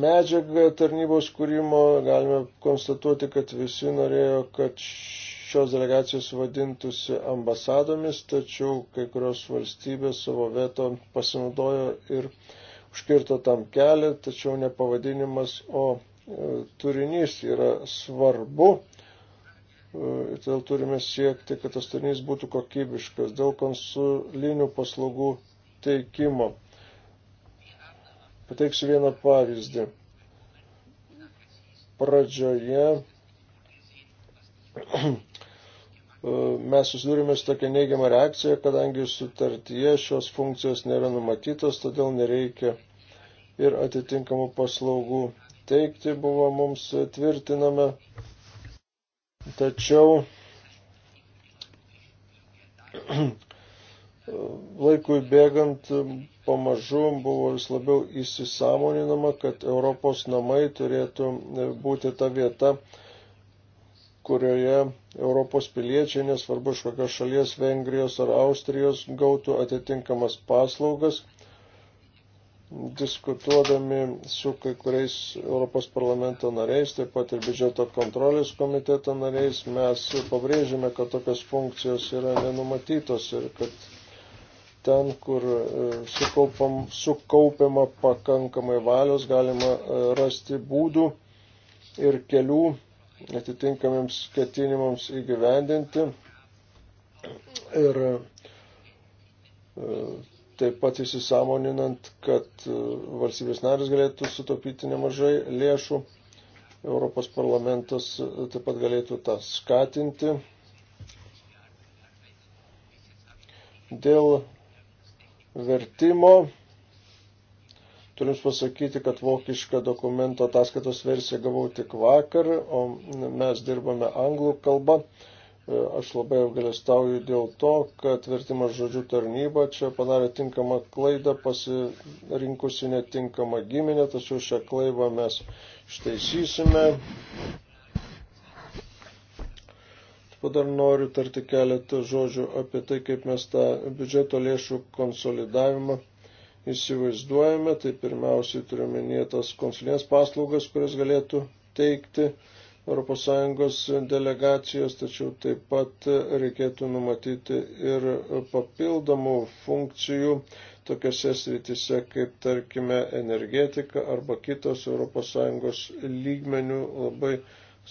medžiagą tarnybos kūrimo, galime konstatuoti, kad visi norėjo, kad šios delegacijos vadintųsi ambasadomis, tačiau kai kurios valstybės savo veto pasinaudojo ir užkirto tam kelią, tačiau ne pavadinimas, o e, turinys yra svarbu. Ir e, todėl turime siekti, kad tas turinys būtų kokybiškas dėl konsulinių paslaugų teikimo. Pateiksiu vieną pavyzdį. Pradžioje E, mes susidūrėme su tokia neigiama reakcija, kadangi sutartyje šios funkcijos nėra numatytos, todėl nereikia ir atitinkamų paslaugų teikti buvo mums tvirtinama. Tačiau laikui bėgant pamažu buvo vis labiau įsisamoninama, kad Europos namai turėtų būti ta vieta, kurioje Europos piliečiai, nesvarbu iš kokios šalies, Vengrijos ar Austrijos, gautų atitinkamas paslaugas. Diskutuodami su kai kuriais Europos parlamento nariais, taip pat ir biudžeto kontrolės komiteto nariais, mes pabrėžėme, kad tokios funkcijos yra nenumatytos ir kad ten, kur e, sukaupam, sukaupiama pakankamai valios, galima e, rasti būdų ir kelių atitinkamiems ketinimams įgyvendinti. Ir e, taip pat įsisamoninant, kad e, valstybės narės galėtų sutaupyti nemažai lėšų, Europos parlamentas e, taip pat galėtų tą skatinti. Dėl vertimo Turiu Jums pasakyti, kad vokišką dokumento ataskaitos versiją gavau tik vakar, o mes dirbame anglų kalbą. E, aš labai apgalėstauju dėl to, kad vertimas žodžių tarnyba čia padarė tinkamą klaidą, pasirinkusi netinkamą giminę, tačiau šią klaidą mes ištaisysime. Taip dar noriu tarti keletą žodžių apie tai, kaip mes tą biudžeto lėšų konsolidavimą įsivaizduojame, tai pirmiausiai turiuomenė tas konsulinės paslaugas, kurias galėtų teikti ES delegacijos, tačiau taip pat reikėtų numatyti ir papildomų funkcijų tokiose srityse, kaip tarkime energetika arba kitos ES lygmenių labai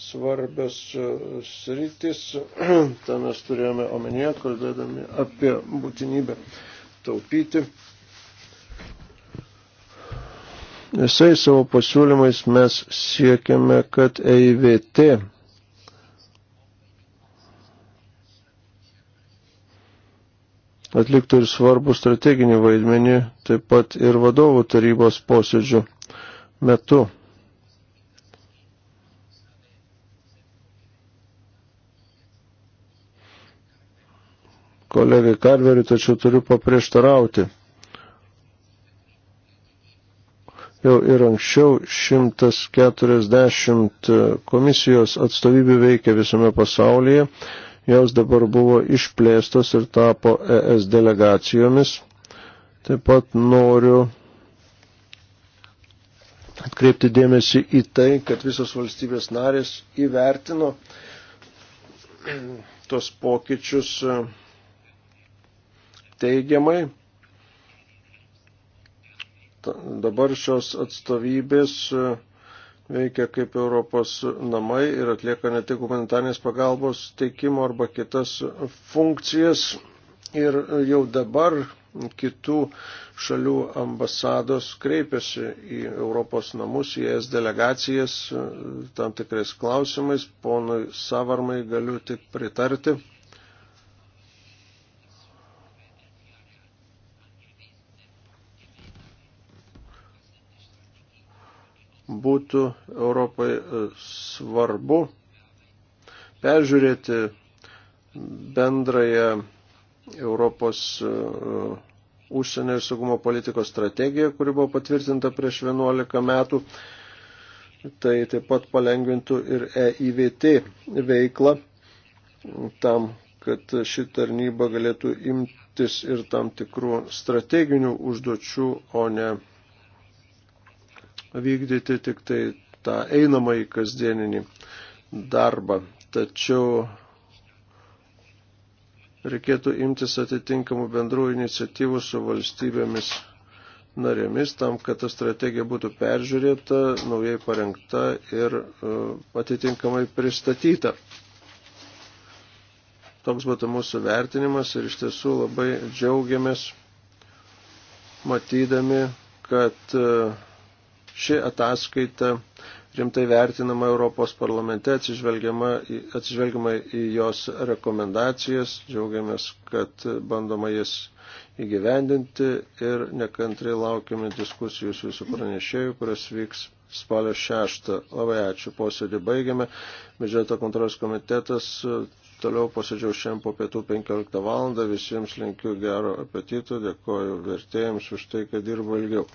svarbios sritis. Tą mes turėjome omenyje, kalbėdami apie būtinybę taupyti. Visai savo pasiūlymais mes siekiame, kad EIVT atliktų ir svarbų strateginį vaidmenį, taip pat ir vadovų tarybos posėdžių metu. Kolegai Karveriui, tačiau turiu paprieštarauti. jau ir anksčiau 140 komisijos atstovybių veikia visame pasaulyje, jos dabar buvo išplėstos ir tapo ES delegacijomis. Taip pat noriu atkreipti dėmesį į tai, kad visos valstybės narės įvertino tos pokyčius teigiamai Dabar šios atstovybės e, veikia kaip Europos namai ir atlieka ne tik humanitarnės pagalbos teikimo arba kitas funkcijas. Ir jau dabar kitų šalių ambasados kreipiasi į Europos namus, į ES delegacijas e, tam tikrais klausimais. Ponui Savarmai galiu tik pritarti. būtų Europai e, svarbu peržiūrėti bendrąją Europos e, užsienio ir saugumo politikos strategiją, kuri buvo patvirtinta prieš 11 metų. Tai taip pat palengvintų ir EIVT veiklą tam, kad ši tarnyba galėtų imtis ir tam tikrų strateginių užduočių, o ne vykdyti tik tai tą einamąjį kasdieninį darbą. Tačiau reikėtų imtis atitinkamų bendrų iniciatyvų su valstybėmis narėmis tam, kad ta strategija būtų peržiūrėta, naujai parengta ir e, atitinkamai pristatyta. Toks būtų mūsų vertinimas ir iš tiesų labai džiaugiamės matydami, kad uh, Ši ataskaita rimtai vertinama Europos parlamente, atsižvelgiama į, atsižvelgiama į jos rekomendacijas, džiaugiamės, kad bandoma jas įgyvendinti ir nekantrai laukiame diskusijų su jūsų pranešėjų, kurios vyks spalio 6. Labai ačiū, posėdį baigiame. Biudžeto kontrolės komitetas toliau posėdžiau šiandien po pietų 15 valandą. Visiems linkiu gero apetito, dėkoju vertėjams už tai, kad dirbo ilgiau.